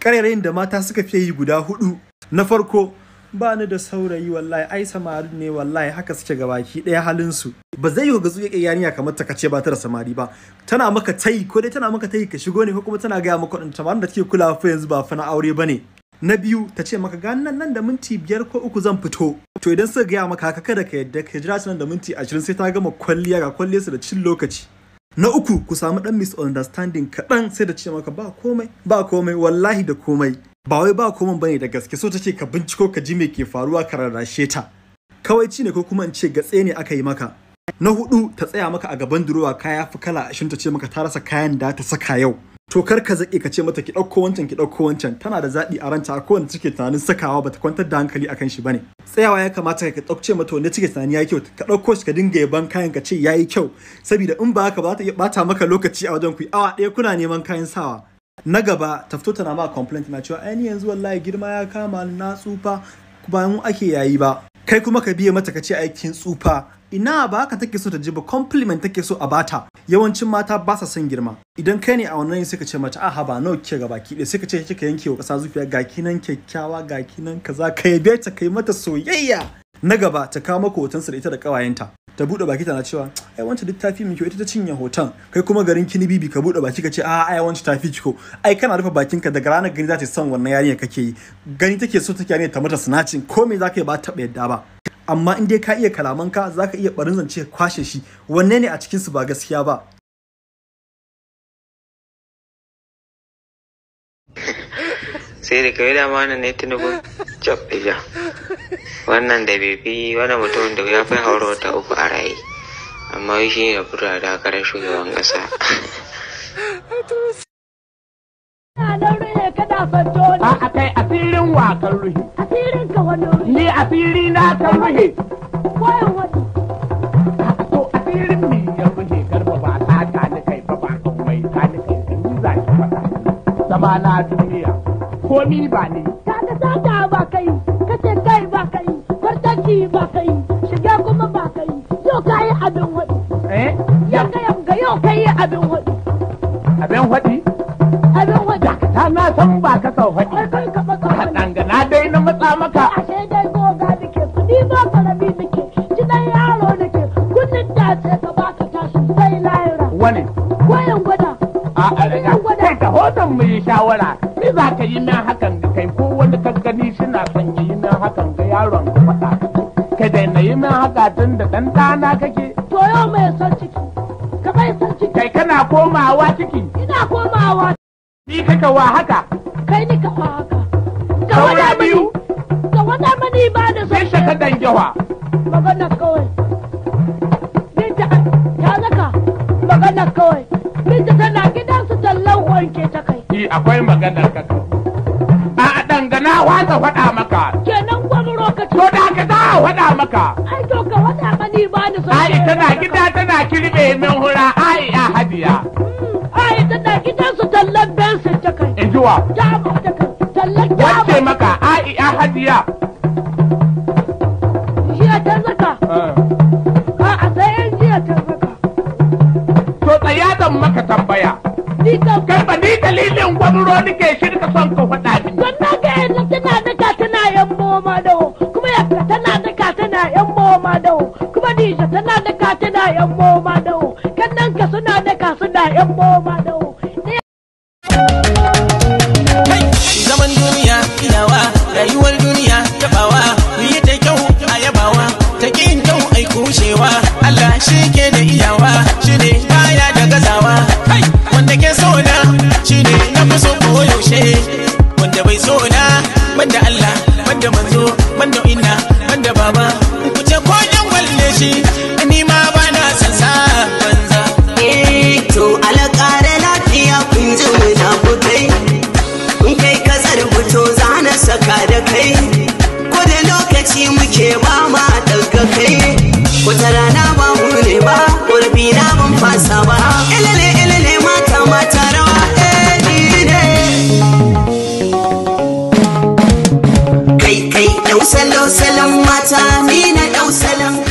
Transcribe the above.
ƙarairayin da mata suka fiye yi guda hudu na farko ba ni da saurayi wallahi ai samari ne wallahi haka suke ga baki ɗaya halin su ba zai yi gazu yake yarinya kamar ta kace ba ta da samari ba tana maka tayi ko dai tana maka tai ka shigo ne ko kuma tana gaya maka ɗin samarin da take kula fa yanzu ba fa na aure ne. na biyu ta ce maka ga nan nan da minti biyar ko uku zan fito to idan suka gaya maka haka kada ka yadda ka jira nan da minti ashirin sai ta gama kwalliya ga su da cin lokaci na uku ku samu ɗan misunderstanding kaɗan sai da ce maka ba komai ba komai wallahi da komai ba wai ba komai bane da gaske so take ka binciko ka ji me ke faruwa ka rarrashe ta kawai ci ne ko kuma in ce gatse ne aka yi maka na hudu ta tsaya maka a gaban durowa kaya fi kala ashirin ta ce maka ta rasa kayan da ta saka yau to kar ka zake ka ce mata ki ɗauko wancan ki ɗauko wancan tana da zaɓi a ranta ko wanda take tunanin sakawa bata kwantar da hankali akan shi bane tsayawa ya kamata ka ɗauke mata wanda take tunani yayi kyau ka ɗauko shi ka dinga yaban kayan ka ce yayi kyau saboda in ba haka ba ta bata maka lokaci a wajen ku awa ɗaya kuna neman kayan sawa na gaba ta fito tana ma complaint na cewa ai ni yanzu wallahi girma ya kama na tsufa ba mu ake yayi ba kai kuma ka biye mata ka ce aikin tsufa ina ba haka take so ta ji ba compliment take so a bata yawancin mata ba sa son girma idan kai ne a wannan sai ka ce mata aha ba nawa kike baki? ɗaya sai ka ce kika yanke wa ƙasa zufiya. ga kinan kyakkyawa ga kinan kaza ka yabe ta kai mata soyayya na gaba ta kawo maka sa da ita da ƙawayenta ta buɗe baki tana cewa ai wancan duk tafi min kyau ita ta cinye hoton kai kuma garin kini bibi ka buɗe baki ka ce a ai wancan tafi kiko ai kana rufe bakinka daga ranar gani za ta son wannan yarinya kake yi gani take so take yarinya ta mata sinacin ko me za ka yi ba yadda ba amma in dai ka iya kalamanka za ka iya barin zance kwashe shi wanne ne a cikinsu ba gaskiya ba sai da kawai dama wannan ne tinubu cap ɗija wannan da bebi wannan mutumin da ya fi haura wata uku a raye amma shi ne fura da karar shugaban ƙasa a kai asirin wakan ruhi asirin ka wani wuri ni asiri na kan ruhe koyan wani to asirin mi ya ruhe garba ba ta ta ni kai ba ba mai ta ni kai kan ni za ki fata zama na duniya ko ni ba ni ka ga sata ba kai kace kai ba kai fartaki ba kai shiga kuma ba kai yau ka yi abin wadi eh yanga yanga yau ka yi abin wadi abin wadi abin wadi ka na san ba ka kawai matsa maka ashe dai goga nake su ni ba karabi nake ji dan yaro nake kunnin da ce ka baka tashi sai lahira wani koyan gwada a a kai ka hoton mu yi shawara ni za ka yi min hakan da kai ko wani ka gani son yi min hakan ga yaron ka faɗa ka daina yi min haka tun da dan ɗana kake to yau mai son ciki ka bai son ciki kai kana komawa ciki ina komawa ni kaka wa haka kai ni ka wa haka Saura biyu. faɗa mani ba da sauki. Yadda ka dan jawa. Magana kawai. Binta ta zaka magana kawai. Binta tana gidansu tallan wanke ta kai. Eh akwai maganar ka A dangana ta faɗa maka. Kenan gwamro ka ce. To da ka za a faɗa maka. Ai to ka faɗa mani ba da sauki. Ai tana gida tana kirbe min hura ai a hadiya. Hmm, ai tana gidan su tallan bensin ta kai. Ejuwa. Ta ta kai. Tallan ta. Wace maka. ya hajiya jiya ta zaka ah. a a sai jiya ta zaka to tsaya zan maka tambaya ni kan ba ni dalilin gwamro nake shirka son ka faɗa ni don na ga yanzu tana daka tana yan boma da kuma yakka tana daka tana yan boma da kuma dija tana daka tana yan boma da kan nan ka suna daka suna yan boma. iyawa shine baya da gazawa wanda ke so na shine na fi so ko yaushe wanda bai so na banda Allah banda manzo banda inna banda baba ku ce ko yan walle shi ni ma ba na san sa banza eh to alƙare lafiya kun ji mai na kai kun kai kasar fito za saka da kai ko da lokaci muke ba ma ɗaga kai wata rana ina ban fasa ba ilele ilele mata mata rawa eh, kai kai dau salon mata ni na dau